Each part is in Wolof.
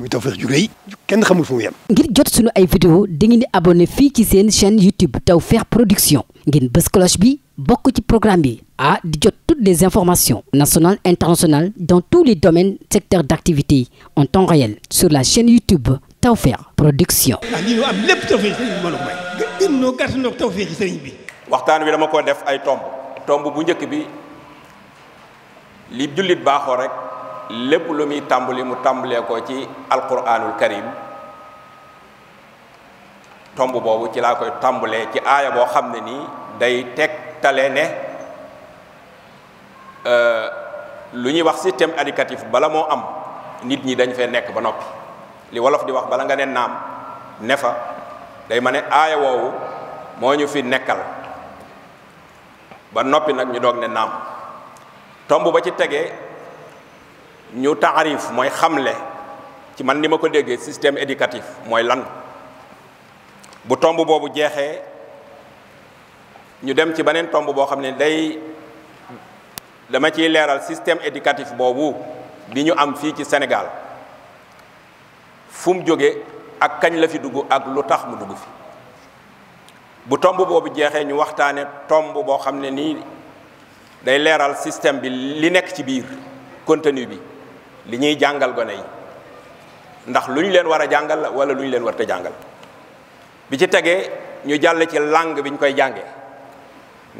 muy Tawfekh ju rëy kenn xamul fu mu yem. ngir jot sunu ay vidéo dangeen di abonné fii ci seen chaîne YouTube Tawfekh Production ngeen bës bi bokk ci programme bi ah di jot toutes les informations nationales internationales dans tous les domaines secteurs d'activité en temps réel sur la chaîne YouTube Tawfekh Production. ah lii am lépp Tawfekh sëriñ bi may. gën noo gàtt noo Tawfekh bi. waxtaan wi dama ko def ay tomb tomb bu njëkk bi li jullit baaxoo rek. lépp lu muy tàmbali mu tàmbalee ko ci alquranul karim tomb boobu ci laa koy tàmbalee ci aaya boo xam ne nii day tegtale ne euh, lu ñuy wax système éducatif bala moo am nit ñi dañ fee nekk ba noppi li wolof di wax bala nga ne naam ne fa day ma ne aaya woowu moo ñu fi nekkal ba noppi nag ñu doog ne naam tomb ba ci tegee ñu taarif mooy xamle ci man ni ma ko déggee système éducatif mooy lan bu tomb boobu jeexee ñu dem ci beneen tomb boo xam ne day dama ciy leeral système éducatif boobu bi ñu am fii ci senegal fum jóge ak kañ la fi dugg ak lu tax mu dugg fi bu tomb boobu jeexee ñu waxtaane tomb boo xam ne nii day leeral système bi li nekk ci biir contenu bi li ñuy jàngal gone yi ndax lu ñu leen war a jàngal la wala lu ñu leen war te jàngal bi ci tegee ñu jàll ci làng biñ koy jànge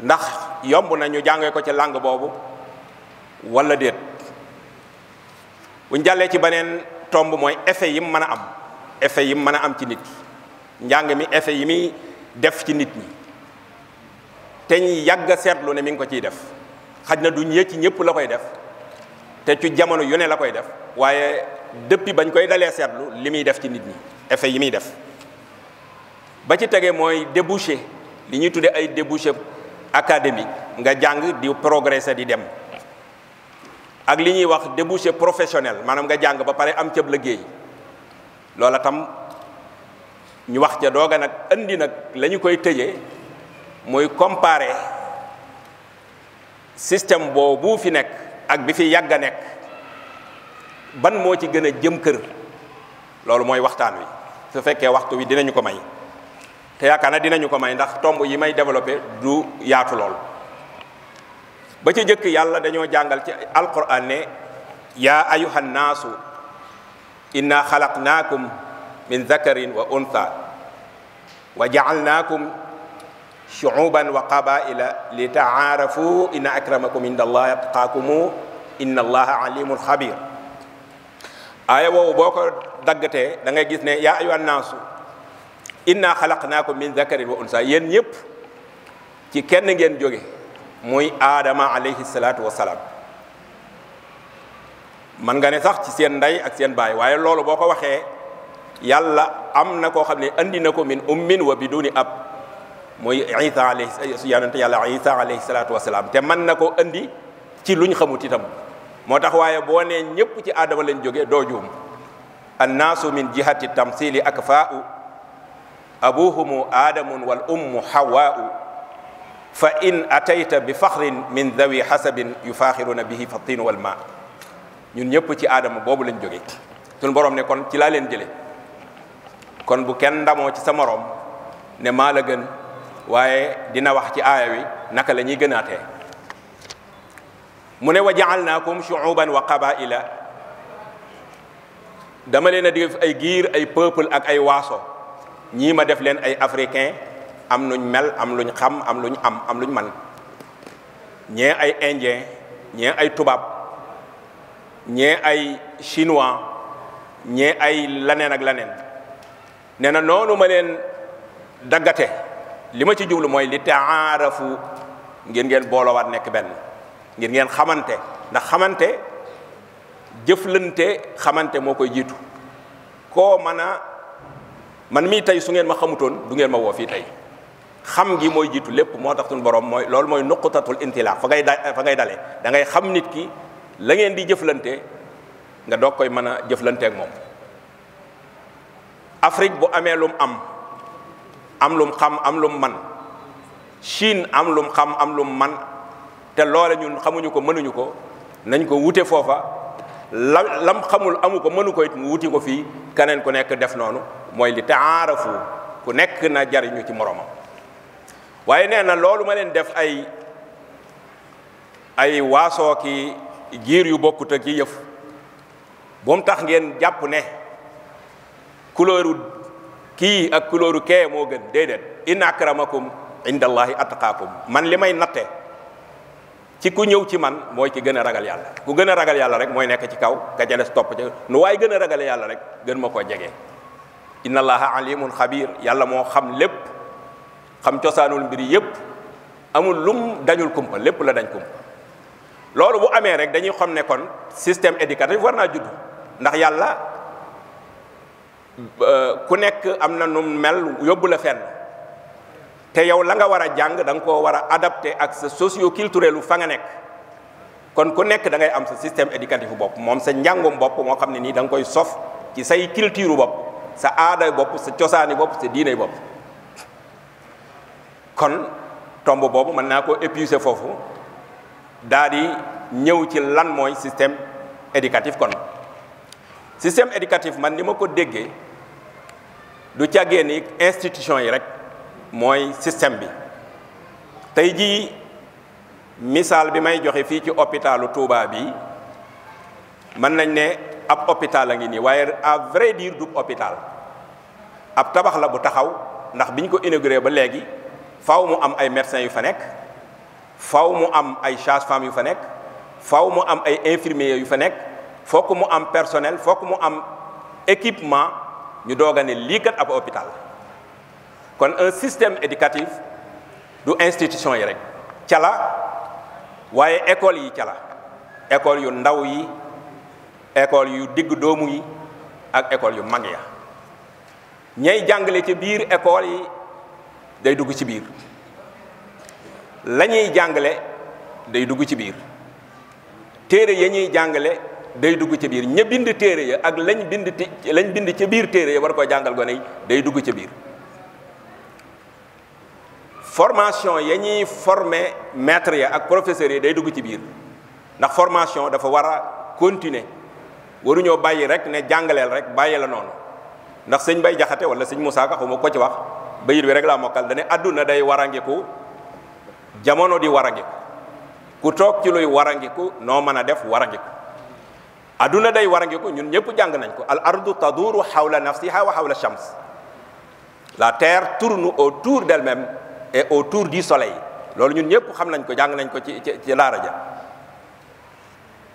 ndax yomb na ñu jàngee ko ci langue boobu wala déet bu ñu jàllee ci beneen tomb mooy effet yi mu mën a am effet yi mu mën a am ci nit ki njàng mi effet yi muy def ci nit ñi te ñu yàgg seetlu ne mi ngi ko ciy def xaj na du ñee ci ñëpp la koy def te ci jamono yu ne la koy def waaye depuis bañ koy dalee seetlu li muy def ci nit ñi effet yi muy def ba ci tegee mooy débouché li ñuy tuddee ay débouché académique nga jàng di progresser di dem ak li ñuy wax débouché professionnel maanaam nga jàng ba pare am cëb liggéey loola tam ñu wax ca dooga nag indi nag lañu koy tëjee mooy comparer système boobu fi nekk ak bi fi yàgg nekk ban moo ci gën a jëm kër loolu mooy waxtaan wi su fekkee waxtu wi dinañu ko may te yaakaar na dinañu ko may ndax tomb yi may développé du yaatu lool ba ci jëkk yàlla dañoo jàngal ci alquran ne yaa ayuha nnaasu inna xalaqnaakum min zakarin wa untha wa jaalnaakum shu'uban wa qabaila li ta'arafu inna akramakum inda allahi inna allaha alimul khabir aaya boo ko daggatee da ngay gis ne yaa ayyuhan naasu inna xalaqnaakum min zakarin wa unsa yéen ñëpp ci kenn ngeen jóge muy aadama alayhi salaatu wasalaam man nga ne sax ci seen ndey ak seen baay waaye loolu boo ko waxee yàlla am na koo xam ne andi na ko min ummin wa biduni ab mooy isa alayhi yonente yàlla isa alayhi salaatu wasalaam te mën na ko andi ci luñ xamut itam moo tax waaye boo nee ñëpp ci aadama lañ jóge doo juum annaasu min jihati tamsili akfaau abuhumu aadamun wal ummu hawaau fa in atayta bi faxrin min dawi xasabin yufaaxiruna bihi fa tin wal ma ñun ñëpp ci aadama boobu lañ jóge suñu borom ne kon ci laa leen jële kon bu kenn ndamoo ci sa morom ne maa la gën waaye dina wax ci aaya wi naka la ñuy gënaatee mu ne wa ja'alnaakum shu'uban wa qabaila dama leen a def ay giir ay peuple ak ay waaso ñii ma def leen ay africain am luñ mel am luñ xam am luñ am am luñ man ñee ay indien ñee ay tubaab ñee ay chinois ñee ay laneen ak laneen nee na noonu ma leen daggate li ma ci jublu mooy li taarafu ngir ngeen boolowaat nekk benn ngir ngeen xamante ndax xamante jëflante xamante moo koy jiitu koo mën a man mii tey su ngeen ma xamutoon du ngeen ma woo fii tey xam gi mooy jiitu lépp moo tax suñu borom mooy loolu mooy nuqutatul intilaa fa ngay da ngay dalee da xam nit ki la ngeen di jëflante nga doog koy mën a jëflante ak moom Afrique bu amee lum am am lum xam am lum man Chine am lum xam am lum man te loole ñun xamuñu ko mënuñu ko nañ ko wute foofa la lam xamul amu ko mënu koy it mu wuti ko fii keneen ku nekk def noonu mooy li taarafu ku nekk na jariñu ci moromam waaye nee na loolu ma leen def ay ay waasoo ki jiir yu bokkut ak yi yëf bu mu tax ngeen jàpp ne couleuru kii ak couleur kee moo gën déedéet inna akramakum inda allahi atqaakum man li may natte ci ku ñëw ci man mooy ki gën a ragal yàlla ku gën a ragal yàlla rek mooy nekk ci kaw ka ca des topp ca nu waaye gën a ragal yàlla rek gën ma koo jege inna allaha alimun xabir yàlla moo xam lépp xam cosaanul mbir yépp amul lum dañul kumpa lépp la dañ kumpa loolu bu amee rek dañuy xam nekkoon kon système éducatif war naa judd ndax yàlla Euh, ku nekk am na nu mel yóbbu la fenn te yow la nga war a jàng da nga koo war a adapté ak sa socio culturel lu fa nga nekk kon ku nekk da ngay am sa système éducatif bopp moom sa njàngum bopp moo xam ne nii danga koy sof ci say culture bopp sa aada bopp sa cosaani bopp sa diine bopp kon tomb boobu mën naa koo épuisé foofu daa di ñëw ci lan mooy système éducatif kon système éducatif man ni ma ko déggee du jàggee nii institution yi rek mooy système bi tey jii misaal bi may joxe fii ci hôpitalu Touba bi mën nañ ne ab hôpital a ngi nii waaye à vrai diir du hôpital ab tabax la bu taxaw ndax biñ ko inauguré ba léegi faw mu am ay médecins yu fa nekk faw mu am ay sages-femmes yu fa nekk faw mu am ay infirmier yu fa nekk fokk mu am personnel fokk mu am équipement ñu doog a liikat lii kat ab hôpital kon un système éducatif du institution yi rek cala waaye école yi cala école yu ndaw yi école yu digg doomu yi ak école yu mag ya ñay jàngale ci biir école yi day dugg ci biir la ñuy jàngale day dugg ci biir téere ya ñuy jàngale day dugg ci biir ña bind téere ya ak lañ bind ti lañ bind ca biir téere ya war koo jàngal gone yi day dugg ci biir formation ya ñuy forme maître ya ak professeurs yi day dugg ci biir ndax formation dafa war a continuer waruñoo bàyyi rek ne jàngaleel rek bàyyi la noonu ndax sëñ Bay Jaxate wala sëñ Moussa Ka xawma ko ci wax bayit bi rek laa mokkal dane àdduna day warangiku jamono di warangiku ku toog ci luy warangiku noo mën a def warangiku adduna day warange ko ñun ñëpp jàng nañ ko al ardu taduru hawla nafsiha wa a shams la terre tourne autour d'elle-même et autour du soleil loolu ñun ñëpp xam nañ ko jàng nañ ko ci ci laara ja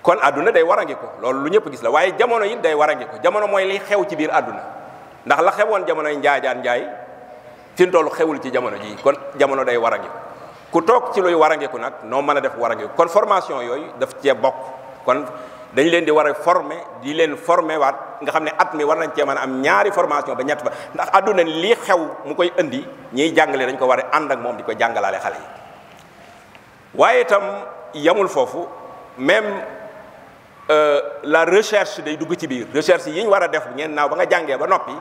kon adduna day warange ko loolu lu ñëpp gis la waaye jamono it day warange ko jamono mooy liy xew ci biir àdduna ndax la xewoon jamonoy njaajaan njaay fi tollu xewul ci jamono ji kon jamono day warange ko ku toog ci luy warangeku nag noo mën a def warangeku kon formation yooyu daf cee bokk dañ leen di war a former di leen former waat nga xam ne at mi war nañ cee mën a am ñaari formation ba ñett ba ndax àdduna lii xew mu koy indi ñiy jàngale dañ ko war a ànd ak moom di ko jàngalaale xale itam yamul foofu même euh, la recherche day dugg ci biir recherche yi war a def ngeen naaw jàngee ba noppi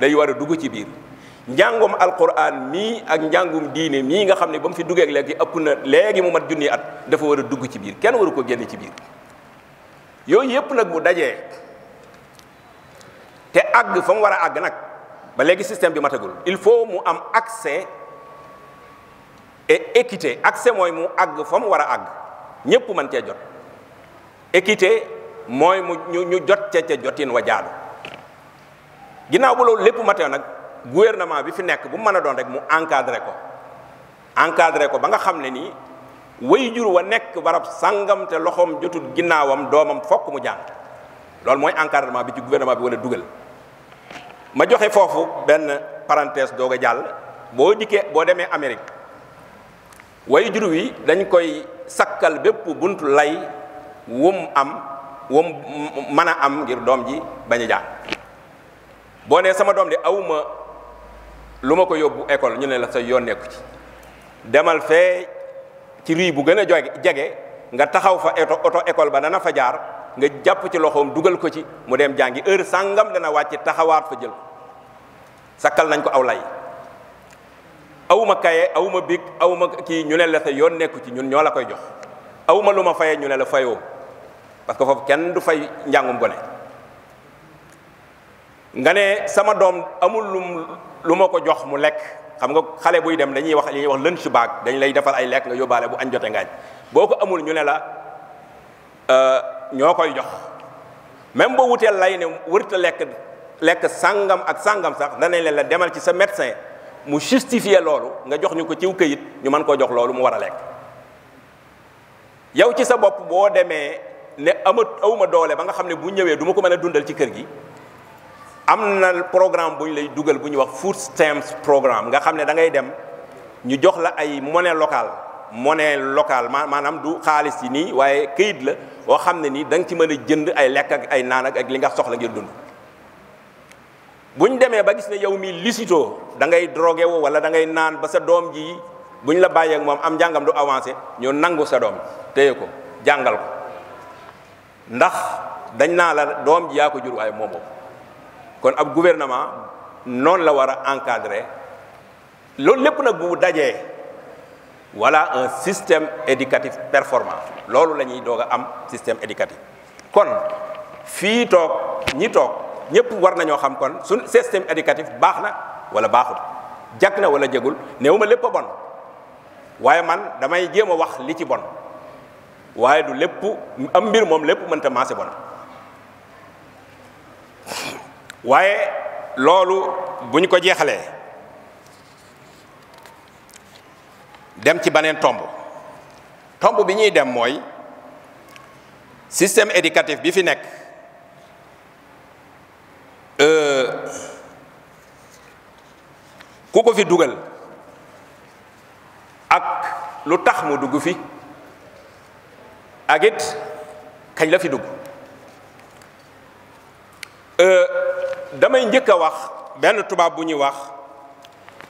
day war a dugg ci biir njàngum alquran mii ak njàngum diine mii nga xam ne ba mu fi duggee léegi ëpp na léegi mu mat junni at dafa war a dugg ci biir kenn waru ko génn ci biir yooyu yëpp nag bu dajee te àgg fa mu war a àgg nag ba léegi système bi matagul il faut mu am accès et équité accès mooy mu àgg fa mu war a àgg ñëpp mën cee jot équité mooy mu ñu ñu jot ce cee jotin wa jaadu ginnaaw bu loolu lépp matee nag gouvernement bi fi nekk bu mën a doon rek mu encadré ko encadré ko ba nga xam ne nii way jur wa nekk barab sàngam te loxoom jotul ginnaawam doomam fokk mu jàng loolu mooy encadrement bi ci gouvernement bi wala dugal ma joxe foofu benn parenthèse doog a jàll boo dikkee boo demee Amérique way jur wi dañ koy sakkal bépp bunt lay wum am wum mën a am ngir doom ji bañ a boo nee sama doom de awma lu ma ko yóbbu école ñu ne la sa yoon nekku ci demal fee ci rii bu gën a jege nga taxaw fa oto oto école ba dana fa jaar nga jàpp ci loxoom dugal ko ci mu dem jàngi heure sàngam dana wàcc taxawaat fa jël sakkal nañ ko aw lay awma kaye awma big awma kii ñu ne la sa yoon nekku ci ñun ñoo la koy jox awma lu ma faye ñu ne la fayoo parce que foofu kenn du fay njàngum gone nga ne sama doom amul lu lu ma ko jox mu lekk xam nga xale buy dem dañuy wax li ñuy wax lunch bag dañ lay defal ay lekk nga yóbbaale bu añ jote ngaañ boo ko amul ñu ne la euh, ñoo koy jox même boo wuteel lay ne wërta lekk lekk sàngam ak sàngam sax danañ leen la demal ci sa médecin mu justifier loolu nga jox ñu ko ciw këyit ñu mën koo jox loolu mu war a lekk yow ci sa bopp boo demee ne amat awma doole ba nga xam ne bu ñëwee duma ko mën a dundal ci kër gi am na programme bu ñu lay dugal bu ñuy wax food stamps programme nga xam ne da ngay dem ñu jox la ay monnaie local monnaie locale maanaam du xaalis yi nii waaye këyit la boo xam ne nii da nga ci mën a jënd ay lekk ak ay naan ak li nga soxla ngir dund. bu ñu demee ba gis ne yow mii licito dangay ngay drogué woo wala da ngay naan ba sa doom ji bu ñu la bàyyeek moom am njàngam du avancé ñu nangu sa doom téye ko jàngal ko ndax dañ naa la doom ji yaa ko jur waaye moomoo kon ab gouvernement noonu la war a encadrer loolu lépp nag bu dajee voilà un système éducatif performant loolu la ñuy doog a am système éducatif kon fii toog ñi toog ñëpp war nañoo xam kon su système éducatif baax na wala baaxul jàkk na walla jegul néew ma lépp a bon waaye man damay jéem a wax li ci bon waaye du lépp am mbir moom lépp mënta maase bon waaye loolu bu ñu ko jeexalee dem ci beneen tomb tomb bi ñuy dem mooy système éducatif bi fi nekk euh, ku ko fi dugal ak lu tax mu dugg fi ak kañ la fi dugg euh, damay njëkk a wax benn tubaab bu ñuy wax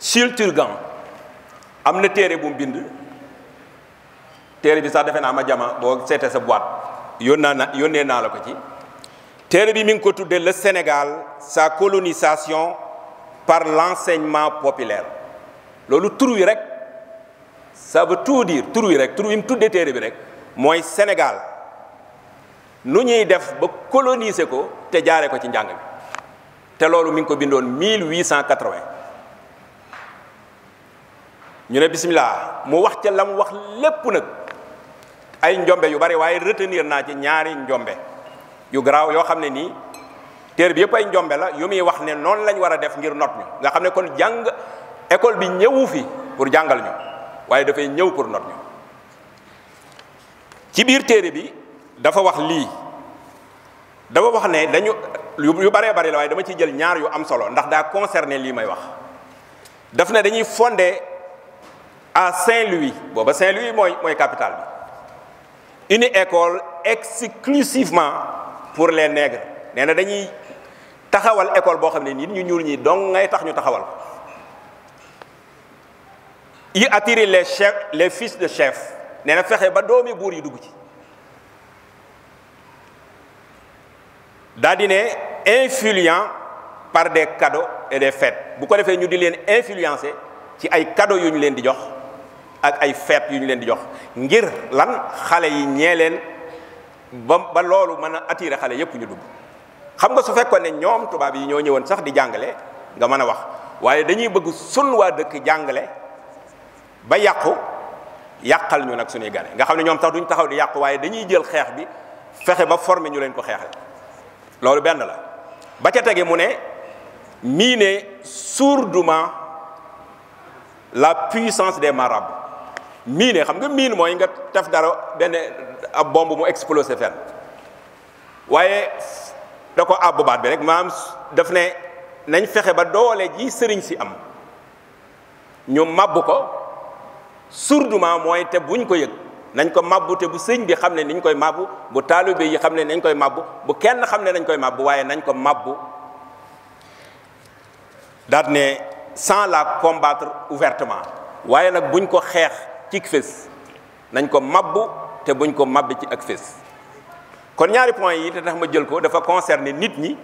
Jules Turgan am na téere bu mu bind téere bi sax defe naa ma jama boo seetee sa boîte yónnaa na yónnee naa la ko ci téere bi mu ngi ko tuddee la Sénégal sa colonisation par l'enseignement populaire loolu tur wi rek ça veut tout dire tur wi rek tur mu tuddee téere bi rek mooy Sénégal nu ñuy def ba coloniser ko te jaaree ko ci njàng bi te loolu mi ngi ko bindoon 1880 ñu ne bismillah mu wax ca la mu wax lépp nag ay njombe yu bari waaye retenir naa ci ñaari njombe yu garaaw yoo xam ne nii téere bi yëpp ay njombe la yu muy wax ne noonu lañ war a def ngir not ñu nga xam ne kon jàng école bi ñëwu fi pour jàngal ñu waaye dafay ñëw pour not ñu ci biir téere bi dafa wax lii dafa wax ne dañu yu baree bari la waaye dama ciy jël ñaar yu am solo ndax daa concerné lii may wax daf na dañuy fonde à Saint-Louis booba Saint-Louis mooy mooy capitale bi une école exclusivement pour les nègres nee na dañuy taxawal école boo xam ne nit ñu ñuul ñi dong ngay tax ñu taxawal ko yi attirer les chefs les fils de chef nee na fexe ba doomi buur yi dugg ci daa ne influent par des cadeaux et des fêtes bu ko defee ñu di leen influencer ci ay cadeaux yu ñu leen di jox ak ay fêtes yu ñu leen di jox ngir lan xale yi ñee leen ba ba loolu mën a attirer xale yépp ñu dugg xam nga su fekkoon ne ñoom tubaab yi ñoo ñëwoon sax di jàngale nga mën a wax waaye dañuy bëgg sun waa dëkk jàngale ba yàqu yàqal ñu nag sunuy gane nga xam ne ñoom tax duñ taxaw di yàqu waaye dañuy jël xeex bi fexe ba former ñu leen ko xeexal loolu benn la ba ca tege mu ne mii suur sourdement la puissance des marabouts mii ne xam nga miin mooy nga taf dara benn ab bomb mu explosé fenn waaye da ko àbbu baat bi rek maam daf ne nañ fexe ba doole ji sëriñ si am ñu màbb ko suur sourdement mooy te buñ ko yëg nañ ko mabbu te bu sëñ bi xam ne niñ koy mabbu bu taalibe yi xam ne nañ koy mabbu bu kenn xam ne nañ koy mabbu waaye nañ ko mabbu daat ne sans la combattre ouvertement waaye nag buñ ko xeex ci fés nañ ko mabbu te buñ ko mabbi ci ak fés kon ñaari point yi te tax ma jël ko dafa concerner nit ñi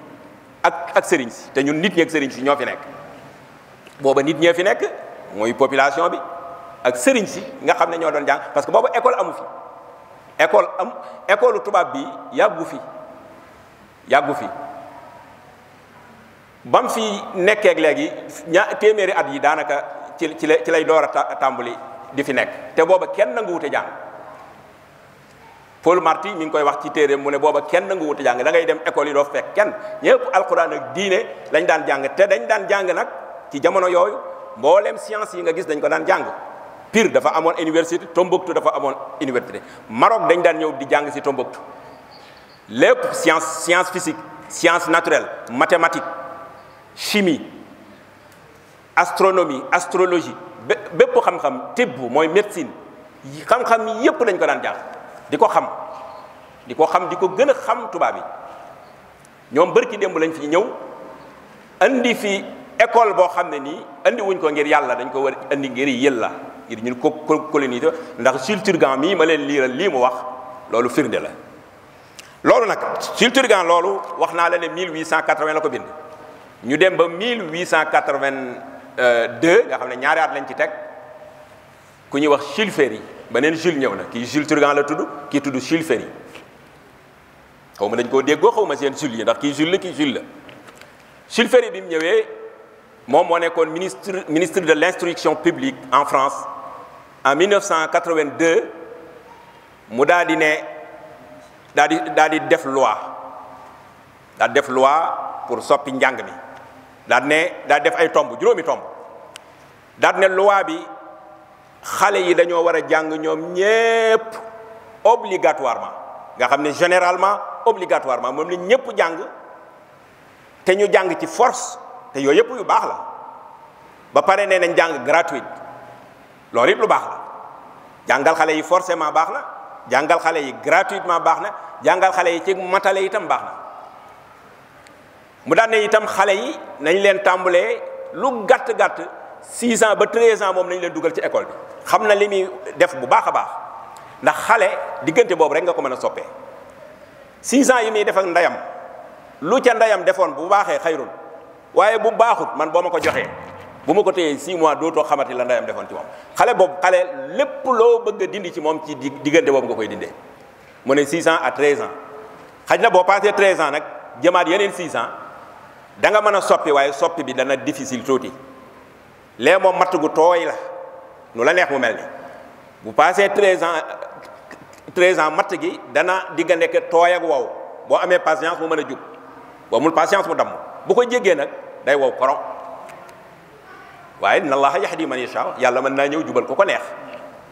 ak ak sëriñ si te ñun nit ñi ak sëriñ si ñoo fi nekk booba nit ñee fi nekk mooy population bi ak sëriñ si nga xam ne ñoo doon jàng parce que boobu école amu fi école am école tubaab bi yàggu fi yàggu fi bam fi nekkeeg léegi ña téeméeri at yi daanaka ci ci ci lay door a tàmbali di fi nekk te booba kenn nangu wute jàng Paul Marty mi ngi koy wax ci téere mu ne booba kenn nangu wute jàng da dem école yi doo fekk kenn ñëpp alxuraan ak diine lañ daan jàng te dañ daan jàng nag ci jamono yooyu mboolem science yi nga gis dañ ko daan jàng piir dafa amoon université Tombouctou dafa amoon université Maroc dañ daan ñëw di jàng si Tombouctou lépp science science physique science naturelle mathématique chimie astronomie astrologie bépp xam-xam tibb mooy médecine xam-xam yépp lañ ko daan jàng di ko xam di ko xam di ko gën a xam tubaab yi ñoom bërki démb lañ fi ñëw andi fi école boo xam ne nii andi wuñ ko ngir yàlla dañ ko war andi ngir yëlla ngir ñun ko colonise ndax Jules Turgan mii ma leen liiral lii mu wax loolu firnde la loolu nag Jules Turgan loolu wax naa la ne 1880 la ko bind ñu dem ba 1882 nga xam ne ñaari at lañ ci teg ku ñuy wax Jules Ferry neen Jules ñëw na kii Jules Turgan la tudd kii tudd Jules Ferry xaw ma dañ koo déggoo xaw ma seen Jules yi ndax kii Jules la kii Jules la bi mu ñëwee moom moo nekkoon ministre ministre de l'instruction publique en France en 1982 mu daal di ne daal daal di def loi daal def loi pour soppi njàng mi daal di ne daal def ay tomb juróomi tomb daal ne loi bi xale yi dañoo war a jàng ñoom ñépp obligatoirement nga xam ne généralement obligatoirement moom la ñépp jàng te ñu jàng ci force te yooyu yëpp yu baax la ba pare nee nañ jàng gratuite loolu it lu baax la jàngal xale yi forcement baax na jàngal xale yi gratuitement baax na jàngal xale yi ci matale itam baax na mu daan ne itam xale yi nañ leen tàmbalee lu gàtt gàtt 6 ans ba 13 ans moom nañ leen dugal ci école bi xam na li muy def bu baax a baax ndax xale diggante boobu rek nga ko mën a soppee 6 ans yi muy def ndayam lu ca ndeyam defoon bu baaxee xayrul waaye bu baaxut man boo ma ko joxee bu ma ko téyee 6 mois dootoo xamati la ndeyam defoon ci moom xale boobu xale lépp loo bëgg dindi ci moom ci diggante boobu nga koy dindee mu ne 6 ans à 13 ans xaj na boo passé 13 ans nag jëmaat yeneen 6 ans da nga mën a soppi waaye soppi bi dana difficile tuuti lee moom matt gu tooy la nu la neex mu mel ni bu passé 13 ans 13 ans matt gi dana digga nekk tooy ak boo amee patience mu man a jub boo amul patience mu damm. bu ko jéggee nag day wow koro waaye inna allaha yahdi man yasha yàlla mën naa ñëw jubal ko ko neex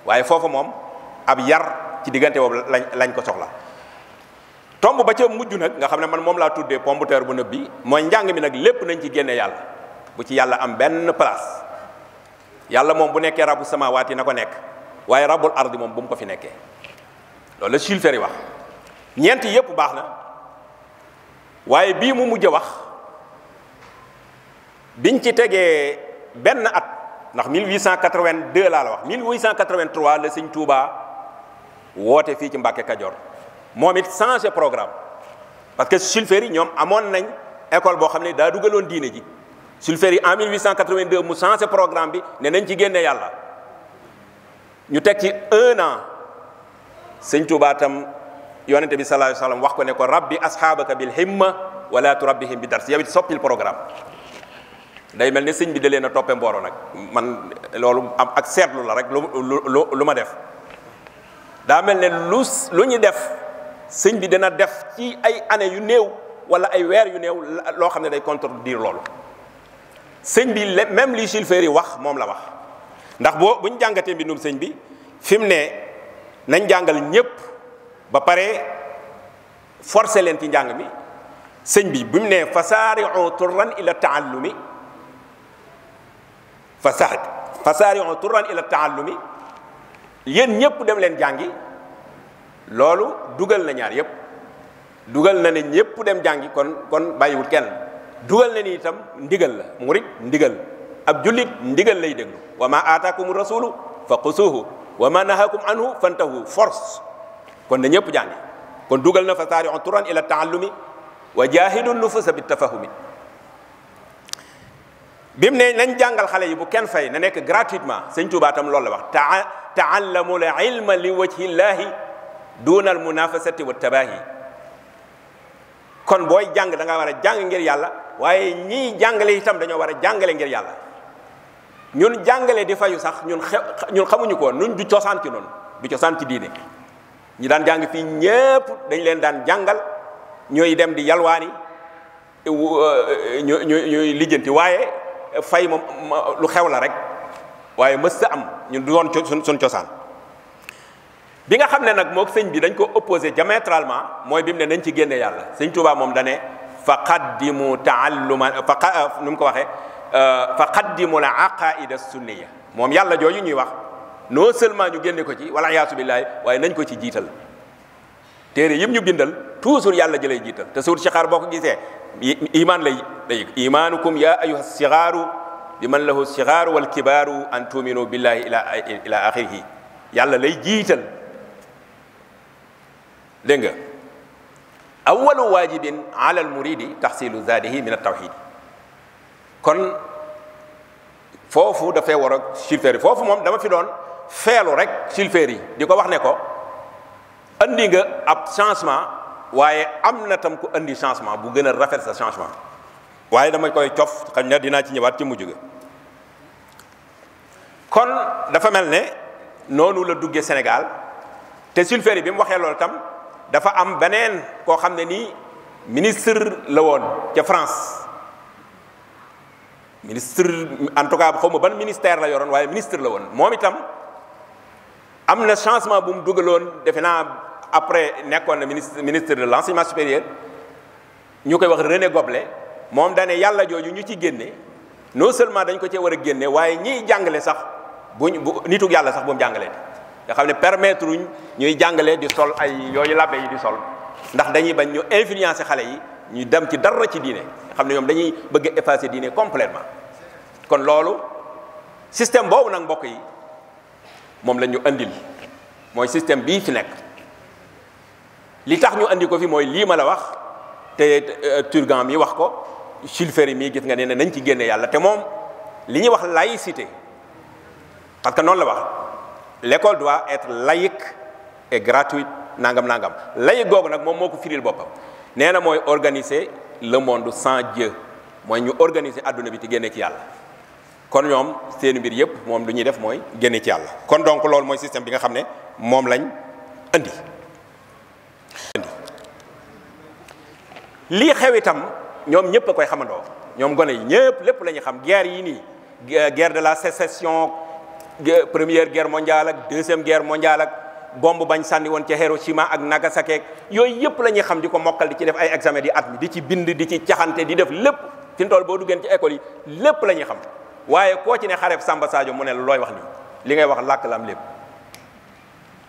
waaye foofu moom ab yar ci diggante boobu lañ lañ ko soxla tomb ba ca mujj nag nga xam ne man moom laa tuddee pompe terre bu nëb bi mooy njàng mi nag lépp nañ ci génne yàlla bu ci yàlla am benn place yàlla moom bu nekkee rabu samawaat yi na ko nekk waaye rabul ardi moom bu mu ko fi nekkee loolu la Jules wax ñeent yépp baax na waaye bii mu mujj wax biñ ci tegee benn at ndax 1882 laa la wax 1883 la sëñ Touba woote fii ci Mbàkke Kajoor moom it changé programme parce que sulféri yi ñoom amoon nañ école boo xam ne daa dugaloon diine ji sulféri yi en 1882 mu changé programme bi ne nañ ci génne yàlla ñu teg ci un an sëñ tam yonente bi sallallahu alayhi wax ko ne ko rabbi asxaabaka bi himma wala turabbihim bi dars yow it soppil programme day mel ni sëñ bi da leen a toppe mbooro nag man loolu am ak seetlu la rek lu lu lu ma def daa mel ne lu lu ñu def sëñ bi dana def ci ay années yu néew wala ay weer yu néew loo xam ne day contredire loolu sëñ bi même li Jules Ferry wax moom la wax ndax boo bu ñu jàngatee mbindum sëñ bi fi mu ne nañ jàngal ñépp ba pare forcé leen ci njàng bi sëñ bi bu mu ne fasaari'u turran ila taallumi fa sax fa saari'u turran ila taallumi yéen ñëpp dem leen jàngi loolu dugal na ñaar yëpp dugal na ne ñëpp dem jàngi kon kon bàyyiwul kenn dugal na ni itam ndigal la murit ndigal ab jullit ndigal lay déglu wa ma aataakum rasulu fa xusuuhu wa ma nahaakum anhu fantahu force kon na ñëpp jàngi kon dugal na fa saari'u turran ila taallumi wa jaahidu nufusa bi tafahumi bi mu ne nañ jàngal xale yi bu kenn fay na nekk gratuitement sëñ Tuubaa tam loolu la wax taa taallamu l ilma li wajhi llahi duna al munafasati wa tabahi kon booy jàng da nga war a jàng ngir yàlla waaye ñiy jàngale itam dañoo war a jàngale ngir yàlla ñun jàngale di fayu sax ñun ñun xamuñu ko ñun du cosaan ci noonu du cosaan ci diine ñi daan jàng fii ñépp dañ leen daan jàngal ñooy dem di yalwaani euh, ñooy lijjanti waaye fay moom lu xew la rek waaye mës am ñun du woon suñ suñ cosaan bi nga xam ne nag mook sëñ bi dañ ko opposé diamétralement mooy bim mu ne nañ ci génne yàlla sëñ Tuubaa moom dane fa qaddimu taalluman fa euh, nu mu ko waxee euh, fa qaddimu la aqaida sunniya moom yàlla jooju ñuy wax noo seulement ñu génne ko ci wala yaasu billaahi waaye nañ ko ci jiital téere yëpp ñu bindal toujours yàlla ji lay jiital te suur ci xaar boo ko gisee iman lay طيب إيمانكم يا أيها الصغار لمن له الصغار والكبار أن تؤمنوا بالله إلى إلى آخره يلا لي جيتل دنجا أول واجب على المريد تحصيل ذاته من التوحيد كن فوفو دا في ورق شيلفيري فوفو موم دما في دون feelu rek silféer di ko wax ne ko andi nga ab changement waaye am na tam ku andi changement bu gën a rafet sa changement waaye dama koy cof xañ na dinaa ci ñëwaat ci mujj ga kon dafa mel ne noonu la duggee Sénégal te Zulféry bi mu waxee loolu tam dafa am beneen koo xam ne nii ministre la woon ca France ministre en tout cas xaw ma ban ministère la yoroon waaye ministre la woon moom itam am na changement bu mu dugaloon defe naa après nekkoon na ministre ministre de l'enseignement supérieur ñu koy wax René goble moom dane yàlla jooju ñu ci génne non seulement dañ ko cee war a génne waaye ñiy jàngale sax buñ bu nitug yàlla sax bu mu jàngalee nga xam ne permettre uñ ñuy jàngale di sol ay yooyu labbe di sol ndax dañuy bañ ñu influencer xale yi ñu dem ci dara ci diine nga xam ne ñoom dañuy bëgg a effacer diine complètement kon loolu système boobu nag mbokk yi moom la ñu andil mooy système bii ci nekk li tax ñu andi ko fi mooy lii ma la wax te euh, turgan mi wax ko Jules Ferry mii gis nga ne nañ ci génne yàlla te moom li ñuy wax laïcité parce que noonu la wax l'école doit être laïque et gratuite nangam nangam laïque googu nag moom moo ko firil boppam nee na mooy organiser le monde sans mooy ñu organiser àdduna bi ci génne ci yàlla kon ñoom seen mbir yëpp moom lu ñuy def mooy génne ci yàlla kon donc loolu mooy système bi nga xam ne moom lañ indi lii xew itam ñoom ñëpp koy xamandoo ñoom gone yi ñëpp lépp la ñu xam guerre yi nii guerre de la sécession première guerre mondiale ak deuxième guerre mondiale ak bombe bañ sànni woon ci Hiroshima ak Nagasaki ak yooyu yëpp la ñuy xam di ko mokkal di ci def ay examen di at mi di ci bind di ci caxante di def lépp fi mu toll boo duggeen ci école yi lépp la ñuy xam waaye koo ci ne xareb Samba Sadio mu ne looy wax nii li ngay wax làkk la am lépp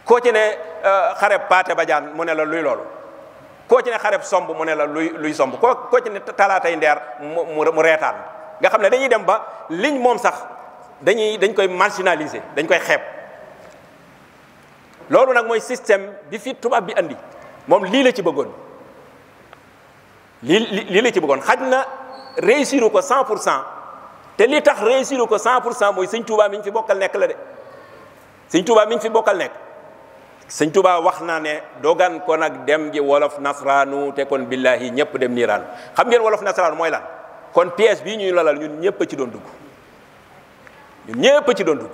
koo ci ne euh, xareb Paate Badiane mu ne la luy loolu koo ci ne xareb somb mu ne la luy luy somb koo koo ci ne talaatay ndeer mu mu reetaan nga xam ne dañuy dem ba liñ moom sax dañuy dañ koy marginaliser dañ koy xeeb loolu nag mooy système bi fi tubaab bi andi moom lii la ci bëggoon lii lii la ci bëggoon xaj na réussiru ko 100 pour cent te li tax réussiru ko 100 pour cent mooy sëñ Tuubaa mi ñu fi bokkal nekk la de sëñ Tuubaa mi ñu fi bokkal nekk sëñ Tuubaa wax naa ne dogan ko nag dem gi wolof nasraanu te kon billahi ñëpp dem niiraan xam ngeen wolof nasraanu mooy la kon pièce bi ñuy lalal ñun ñëpp ci doon dugg ñun ñëpp ci doon dugg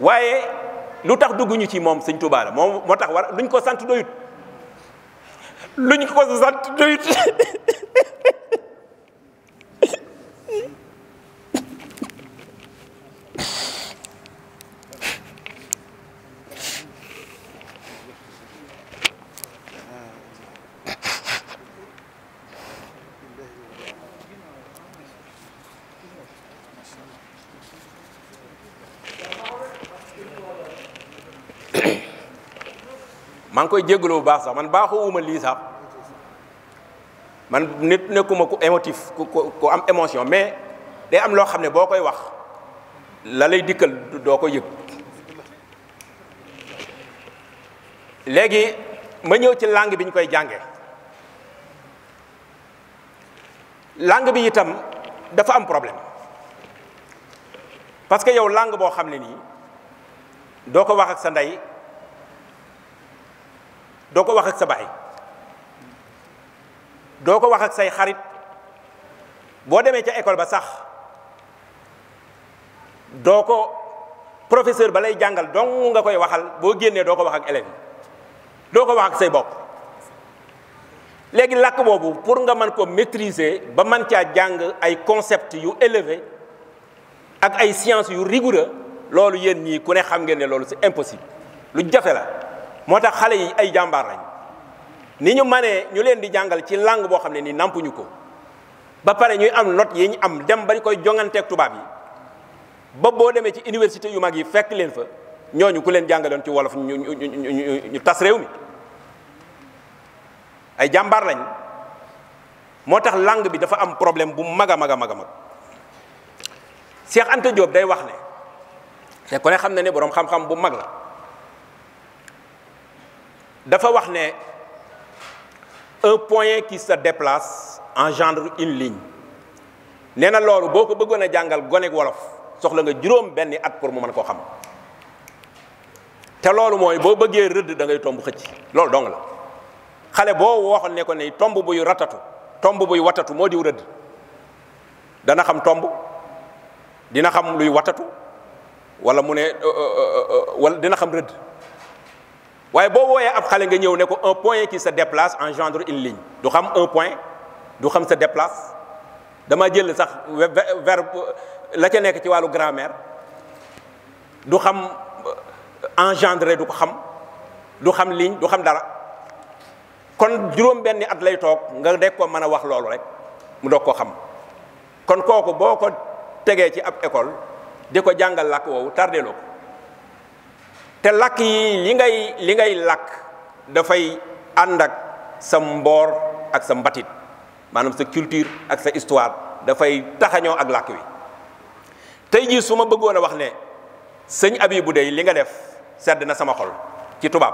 waaye lu tax dugguñu ci moom sëñ Tuubaa la moom moo tax war luñ ko sant doyut luñ ko sant doyut maa ngi koy jégalu bu baax sax man baaxuwuma lii sax man nit nekkuma ku émotif ku ku am émotion mais day am loo xam ne boo koy wax la lay dikkal doo ko yëg léegi ma ñëw ci langue bi ñu koy jànge langue bi itam dafa am problème parce que yow langue boo xam ne nii doo ko wax ak sa ndey doo ko wax ak sa baay doo ko wax ak say xarit boo demee ca école ba sax doo ko professeur ba lay jàngal dong nga koy waxal boo génnee doo ko wax ak élève doo ko wax ak say bokk léegi làkk boobu pour nga mën ko maîtriser ba mën caa jàng ay concept yu élevé ak ay sciences yu rigoure loolu yéen ñii ku ne xam ngeen loolu c'est impossible lu jafe la moo tax xale yi ay jàmbaar lañ ni ñu manee ñu leen di jàngal ci langue boo xam ne ni nampuñu ko ba pare ñuy am note yi ñu am dem ba koy jonganteeg tubaab yi ba boo demee ci université yu mag yi fekk leen fa ñooñu ku leen jàngaloon ci wolof ñu ñu ñu tas réew mi ay jàmbaar lañ moo tax langue bi dafa am problème bu mag a mag a mag a mag Cheikh Anta Diop day wax ne te ku ne xam na ne boroom xam-xam bu mag la. dafa wax ne un point qui se en engendre une ligne nee na loolu boo ko bëggoon jàngal gone wolof soxla nga juróom benn at pour mu mën koo xam te loolu mooy boo bëggee rëdd da ngay tomb xëcc loolu dong la xale boo waxoon ne ko ne tomb buy ratatu tomb buy watatu moo diw rëdd dana xam tomb dina xam luy watatu wala mu ne euh, euh, euh, wala dina xam rëdd waaye boo wooyee ab xale nga ñëw ne ko un point qui sa déplace engendre une ligne du xam un point du xam sa déplace dama jël sax verbe la ca nekk ci wàllu grammaire du xam euh, engendrer du ko xam du xam ligne du xam dara kon juróom benni at lay toog nga deg ko mën a wax loolu rek mu doog ko xam kon kooku boo ko tegee ci ab école di ko jàngal làkk woowu tardé loo ko te lakk yi li ngay li ngay lakk dafay ànd ak sa mboor ak sa mbatit maanaam sa culture ak sa histoire dafay taxañoo ak làkk wi tey jii su ma bëggoon a wax ne sëñ Abibu dey li nga def sedd na sama xol ci tubaab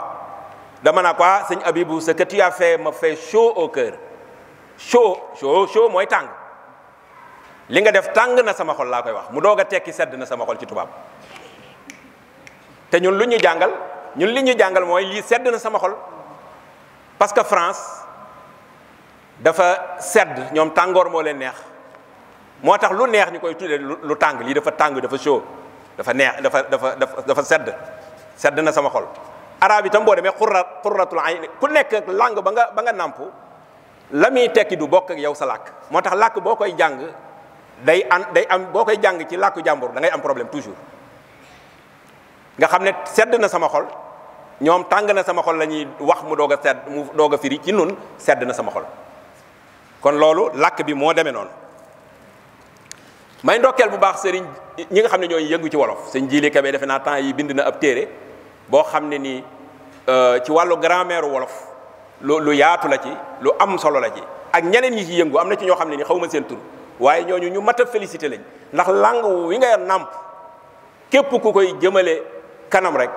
dama naa quoi ah, sëñ Abibu ce que tu as m'a fait chaud au cœur chaud chaud chaud mooy tàng li nga def tàng na sama xol laa koy wax mu doog a tekki sedd na sama xol ci tubaab te ñun lu ñu jàngal ñun li ñu jàngal mooy lii sedd na sama xol parce que France dafa sedd ñoom tàngoor moo leen neex moo tax lu neex ñu koy tuddee lu tàng lii dafa tàng dafa chaud dafa neex dafa dafa dafa sedd sedd na sama xol. arab tam boo demee xurrat xurratul ay ku nekk langue ba nga ba nga nàmp la muy tekki du bokk ak yow sa làkk moo tax làkk boo koy jàng day an day am boo koy jàng ci làkku jàmbur da ngay am problème toujours. nga xam ne sedd na sama xol ñoom tàng na sama xol lañuy wax mu doog a sedd mu doog firi ci nun sedd na sama xol kon loolu làkk bi moo demee noonu may ndokkeel bu baax sëriñ ñi nga xam ne ñooy yëngu ci wolof sëñ Jili Kebe defe naa temps yi bind na ab téere boo xam ne nii euh, ci wàllu grammaire wolof lu lu yaatu la ci lu am solo la ci ak ñeneen yi ci yëngu am na ci ñoo xam ne ni xawma seen tur waaye ñooñu ñu mat a félicité lañ ndax langue wi nga nàmp képp ku koy jëmale kanam rek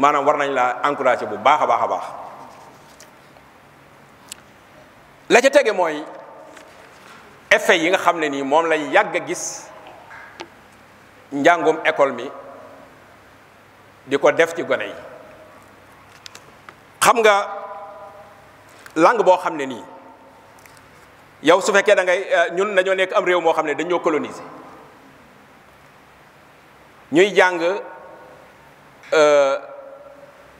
maanaam war nañ laa encouragé bu baax a baax a baax la ci tege mooy effet yi nga xam ne nii moom lay yàgg a gis njàngum école mi di ko def ci gone yi xam nga langue boo xam ne nii yow su fekkee da ngay euh, ñun dañoo nekk am réew moo xam ne dañoo coloniser ñuy jàng Euh,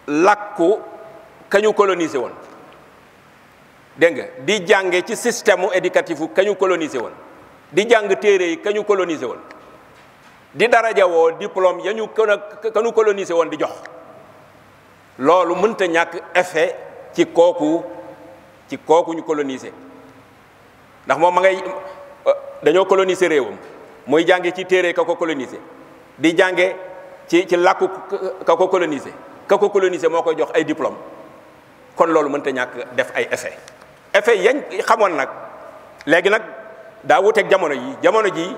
làkku kañu colonisé woon dégg nga di jànge ci système éducatif kañu colonisé woon di jàng téere yi kañu colonisé woon di darajawoo diplôme ya ñu kañu colonisé woon di jox loolu mënta ñàkk effet ci kooku ci kooku ñu colonisé ndax moom ma ngay euh, dañoo colonisé réewam mooy jànge ci téere ka ko colonisé di jànge ci ci làkku ka ko colonisé ka ko colonisé moo koy jox ay diplôme kon loolu mënta ñàkk def ay effet effet yañ xamoon nag léegi nag daa wuteeg jamono yi jamono ji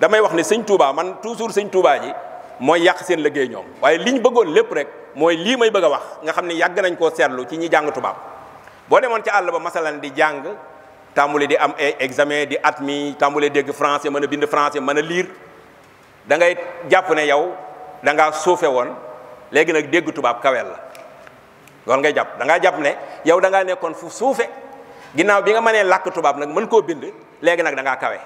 damay wax ne sëñ Touba man toujours sëñ Touba ji mooy yàq seen liggéey ñoom waaye li ñu bëggoon lépp rek mooy lii may bëgg a wax nga xam ne yàgg nañ koo seetlu ci ñi jàng tubaab boo demoon ca àll ba masalan di jàng tàmbule di am ay examen di admis tàmbule dégg français mën a bind français mën a lire da ngay jàpp ne yow da ngaa suufe woon léegi nag dégg tubaab kaweel la loolu ngay jàpp da jàpp ne yow da nekkoon fu suufe ginnaaw bi nga manee làkk tubaab nag mën koo bind léegi nag da ngaa kawe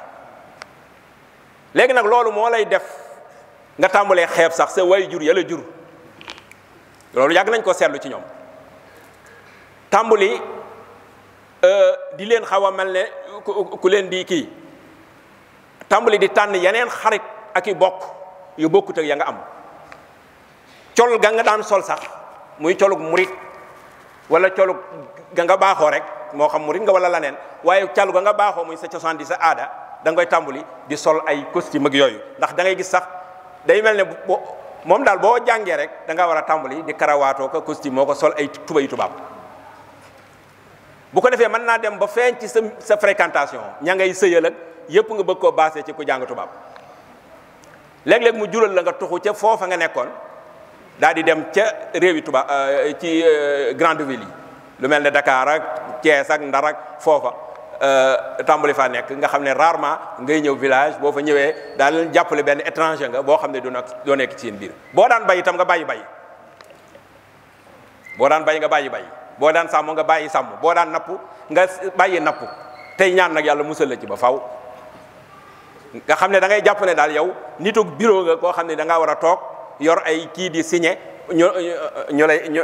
léegi nag loolu moo lay def nga tàmbalee xeeb sax sa way jur yàlla jur loolu yàgg nañ ko seetlu ci ñoom tàmbali euh, di leen xaw a mel ne ku leen di kii tàmbali di tànn yeneen xarit ak i bokk yu bokkut ak ya nga am col ga nga daan sol sax muy colug muri wala colug ga nga baaxoo rek moo xam murit nga wala laneen waaye colu ga nga baaxoo muy sa cosaan di sa aada da ngay tàmbali di sol ay costume ak yooyu ndax dangay gis sax day mel ne bo moom daal boo jàngee rek danga war a tàmbali di karawaatoo ko costume moo ko sol ay tubay tubaab bu ko defee mën naa dem ba feeñ ci sa sa fréquentation ña ngay sëyal ak yëpp nga bëgg koo baasee ci ku jàng tubaab léeg mu jural la nga tuxu ca foofa nga nekkoon daal di dem ca réewi tuba euh, ci euh, grande ville yi lu mel ne dakaarak ak Thiès ak Ndar ak foofa euh, tàmbali faa nekk nga xam ne rarement ngay ñëw village boo fa ñëwee daal jàppale benn étranger nga boo xam ne du nag doo nekk ci seen biir boo daan bay nga bàyyi bay boo daan bay nga bàyyi bay boo daan sàmm nga bàyyi sàmm boo daan napp nga bàyyi napp tey ñaan nag yàlla musal la ci ba faw nga xam ne da ngay jàpp ne daal yow nituk bureau nga koo xam ne da ngaa war a toog yor ay kii di signé ñu ñu lay ñu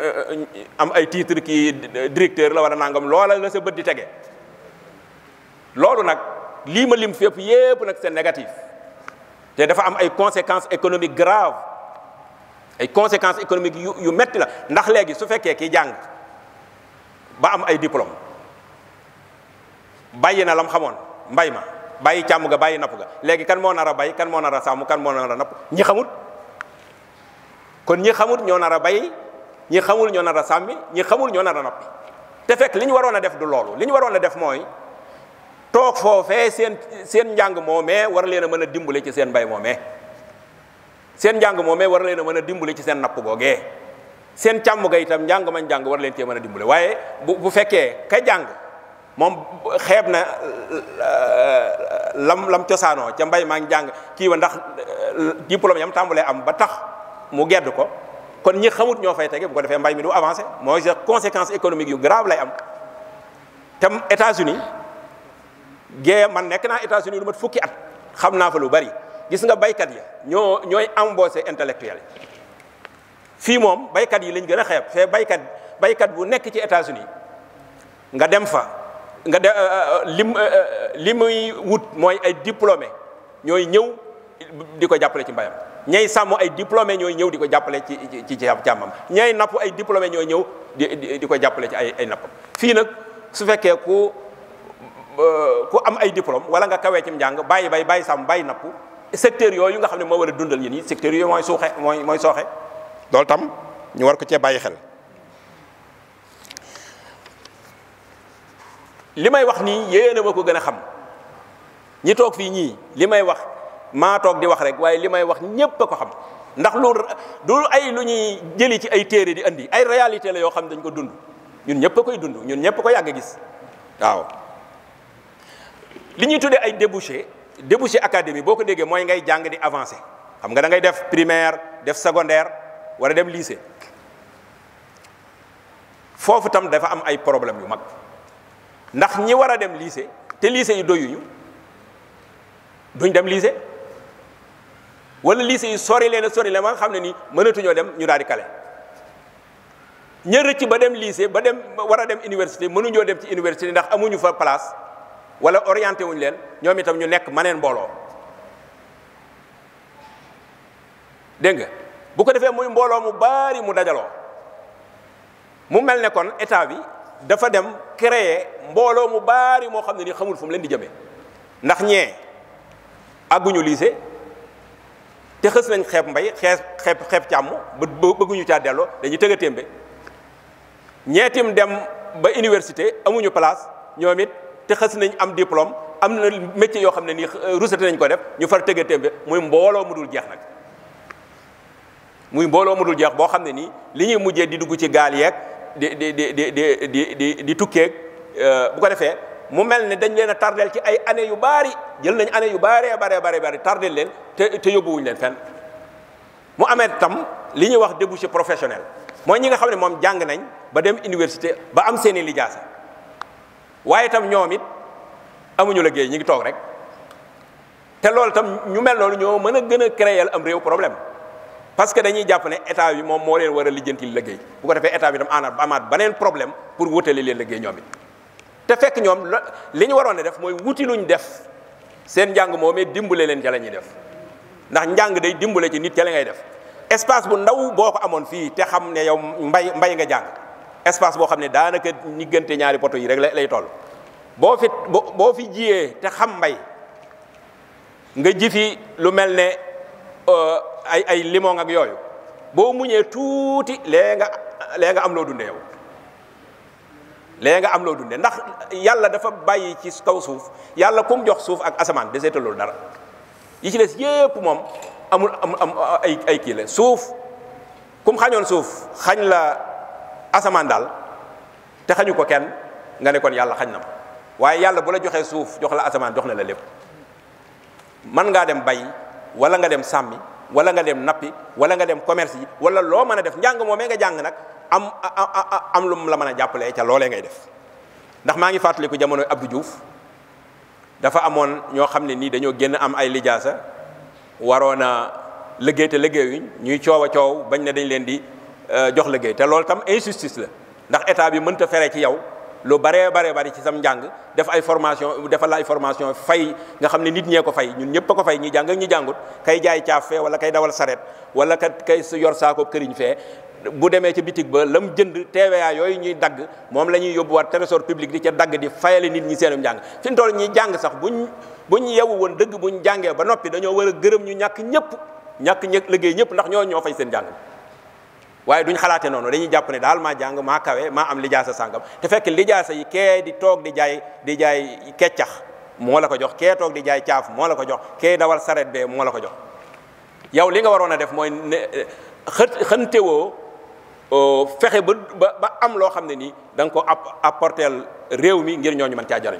am ay titre kii directeur la war a nangam loola la sa bët di tege loolu nag lii ma lim fépp yépp nag seen négatif te dafa am ay conséquences économique graves ay conséquences économiques yu yu metti la ndax léegi su fekkee ki jàng ba am ay diplôme bàyyi na lam xamoon mbay ma bàyyi càmm ga bàyyi napp ga léegi kan moo nar a bay kan moo nar a sàmm kan moo nar a napp ñi xamut kon ñi xamul ñoo nar a bay ñi xamul ñoo nar a sàmmi ñi xamul ñoo nar a napp te fekk li ñu waroon a def du loolu li ñu waroon a def mooy toog foofee seen seen njàng moomee war leen a mën a dimbale ci seen mbay moomee seen njàng moomee war leen a mën a dimbale ci seen napp googee seen càmm ga itam njàng ma njàng war leen cee mën a dimbale waaye bu bu fekkee ka jàng moom xeeb na lam lam cosaanoo ca mbay maa ngi jàng kii wa ndax diplôme yam tàmbalee am ba tax mu gedd ko kon ñi xamut ñoo fay tege bu ko defee mbay mi du avancé mooy sa conséquence économique yu grave lay am te États-Unis gée man nekk naa États-Unis lu mat fukki at xam naa fa lu bari gis nga baykat yi ñoo ñooy embauché intellectuel fii moom baykat yi lañ gën a xeeb fee baykat baykat bu nekk ci États-Unis nga dem fa nga de euh, euh, lim euh, li muy wut mooy ay diplômé ñooy ñëw di ko jàppale ci mbayam ñay sàmm ay diplômé ñooy ñëw di ko jàppale ci ci ci càmmam ñay napp ay diplômé ñooy ñëw di di ko jàppale ci ay ay nappam fii nag su fekkee ku ku am ay diplôme wala nga kawee ci njàng bàyyi bay bàyyi sàmm bàyyi napp secteur yooyu nga xam ne moo war a dundal ñi nii secteur yooyu mooy suuxe mooy mooy sooxe loolu tam ñu war ko cee bàyyi xel li may wax nii yéena ma ko gën a xam ñi toog fii ñii li may wax maa toog di wax rek waaye li may wax ñépp a ko xam ndax lu du ay lu ñuy jëli ci ay téere di andi ay réalité la yoo xam dañ ko dund ñun ñëpp koy dund ñun ñëpp ko yàgg gis waaw li ñuy tuddee ay débouché débouché académie boo ko déggee mooy ngay jàng di avancé xam nga da ngay def primaire def secondaire wala dem lycée foofu tam dafa am ay problème yu mag ndax ñi war a dem lycée te lycée yi doyuñu duñ dem lycée wala lycée yi sori leen man xam ne ni mënatuñoo dem ñu daal di kale ña rëcc ba dem lycée ba dem war a dem université mënuñoo dem ci université ndax amuñu fa palace wala orienté wuñu leen ñoom itam ñu nekk maneen mbooloo dégg nga bu ko defee muy mbooloo mu baari mu dajaloo mu mel ne kon état bi dafa dem créer mbooloo mu baari moo xam ne ni xamul fu mu leen di jëmee ndax ñee àgguñu lycée te xës nañ xeeb mbay xeeb xeeb xeeb càmm ba bëgguñu caa delloo dañuy tëgg a témbe ñeetim dem ba université amuñu place ñoom it te xës nañ am diplôme am na métier yoo xam ne nii euh, rusate nañ ko def ñu far tëgg a témbe muy mbooloo mu dul jeex nag muy mbooloo mu dul jeex boo xam ne nii li ñuy mujjee di dugg ci gaal yeeg di di di di di di di euh, bu ko defee mu mel ne dañ leen a tardeel ci ay année yu baari jël nañ année yu baaree baree baree bari tardeel leen te te yóbbuwuñ leen fenn mu amee tam li ñuy wax débouché professionnel mooy ñi nga xam ne moom jàng nañ ba dem université ba am seeni lijaasa waaye tam ñoom it amuñu liggéey ñu ngi toog rek te loolu tam ñu mel noonu ñoo mën a gën a créer am réew problème parce que dañuy jàpp ne état bi moom moo leen war a lijjanti liggéey bu ko defee état bi tam aanaat amaat beneen problème pour wutali leen liggéey ñoom te fekk ñoom li ñu waroon a def mooy wuti luñ def seen njàng moomee dimbale leen ca la ñuy def ndax njàng day dimbale ci nit ca la ngay def espace bu ndaw boo ko amoon fii te xam ne yow mbay mbay nga jàng espace boo xam ne daanaka ñiggante ñaari poto yi rek lay toll boo fi boo fi jiyee te xam mbay nga ji fi lu mel ne euh, ay ay limon ak yooyu boo muñee tuuti lee nga nga am loo dunde yow léegi nga am loo dundee ndax yàlla dafa bàyyi ci kaw suuf yàlla ku jox suuf ak asamaan deseeta loolu dara yi ci des yépp moom amul am am ay ay kii la suuf ku xañoon suuf xañ la asamaan daal te xañu ko kenn nga ne kon yàlla xañ na ma waaye yàlla bu la joxee suuf jox la asamaan jox na la lépp man ngaa dem bay wala nga dem sàmmi wala nga dem nappi wala nga dem commerce yi wala loo mën a def njàng moomee nga jàng nag am am lu mu la mën a jàppalee ca loolee ngay def ndax maa ngi fàttaliku jamono Abdou juuf dafa amoon ñoo xam ne nii dañoo génn am ay lijaasa waroon a liggéey te liggéeyuñ ñuy coow a coow bañ ne dañ leen di euh, jox liggéey te loolu tam injustice la ndax état bi mënta fere ci yow lu baree baree bari ci sam njàng def ay formation defal ay formation fay nga xam ne nit ñee ko fay ñun ñëpp a ko fay ñi jàng ak ñi jàngut kay jaay caaf fee wala kay dawal saret wala kat kay yor saako këriñ fee bu demee ca bitig ba lam jënd TVA yooyu ñuy dagg moom la ñuy yóbbuwaat trésor public di ca dagg di fayale nit ñi seenum njàng fi mu toll ñi jàng sax bu ñu yewu woon dëgg bu ñu jàngee ba noppi dañoo war a gërëm ñu ñàkk ñëpp ñàkk ñëpp liggéey ñëpp ndax ñoo ñoo fay seen jàng waaye duñ xalaate noonu dañuy jàpp ne daal maa jàng maa kawe maa am lijaasa sàngam te fekk lijaasa yi kee di toog di jaay di jaay keccax moo la ko jox kee toog di jaay caaf moo la ko jox kee dawal saret bee moo la ko jox yow li nga waroon a def mooy ne xëntewoo Euh, fexe ba ba am loo xam ne nii da nga ko apporteel réew mi ngir ñooñu mën caa jariñ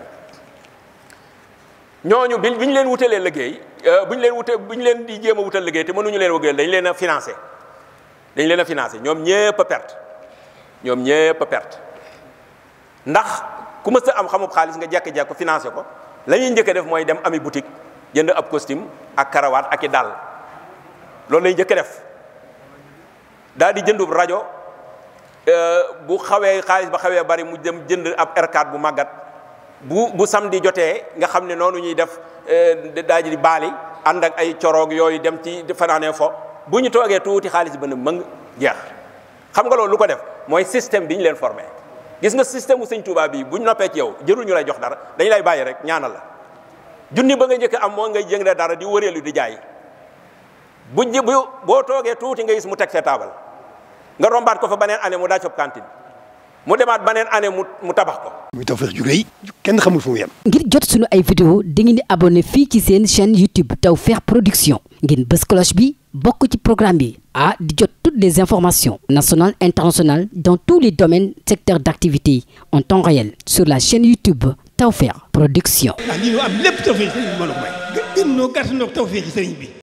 ñooñu bi bi ñu leen wutalee liggéey euh, bu ñu leen wute bu ñu leen di jéem wutal liggéey te mënuñu leen wëggeel dañ leen a financé dañ leen a financé ñoom ñépp a perte ñoom ñépp a perte ndax ku mës am xamub xaalis nga jekk-jekk financé ko lañuy ñuy njëkk a def mooy dem ami boutique jënd ab costume ak karawaat ak i daal loolu lay ñuy njëkk a def daal di jëndu rajo Euh, bu xawee xaalis ba xawee bari mu dem jënd ab R4 bu màggat bu bu samedi jotee nga xam ne noonu ñuy def euh, daa ji di baali ànd ak ay coroog yooyu dem ci fanaanee fo bu ñu toogee tuuti xaalis ba ne mëng jeex xam nga loolu lu ko def mooy système bi ñu leen formé gis nga système bu sëñ Touba bii bu ñu noppee ci yow jërul ñu lay jox dara dañ lay bàyyi rek ñaanal la junni ba nga njëkk am moo ngay jëng dara di wëreelu di jaay bu bu boo toogee tuuti nga gis mu teg sa taabal nga rombaat ko fa beneen année mu daaj fa cantine mu demaat beneen année mu tabax ko. muy Tawfekh ju kenn xamul fu mu ngir jot sunu ay vidéo dangeen di abonné fii ci seen chaîne YouTube Tawfekh Production ngeen bës cloche bi bokk ci programme bi ah di jot toutes les informations nationales internationales dans tous les domaines secteurs d'activité en temps réel sur la chaîne YouTube Tawfekh Production. ah lii am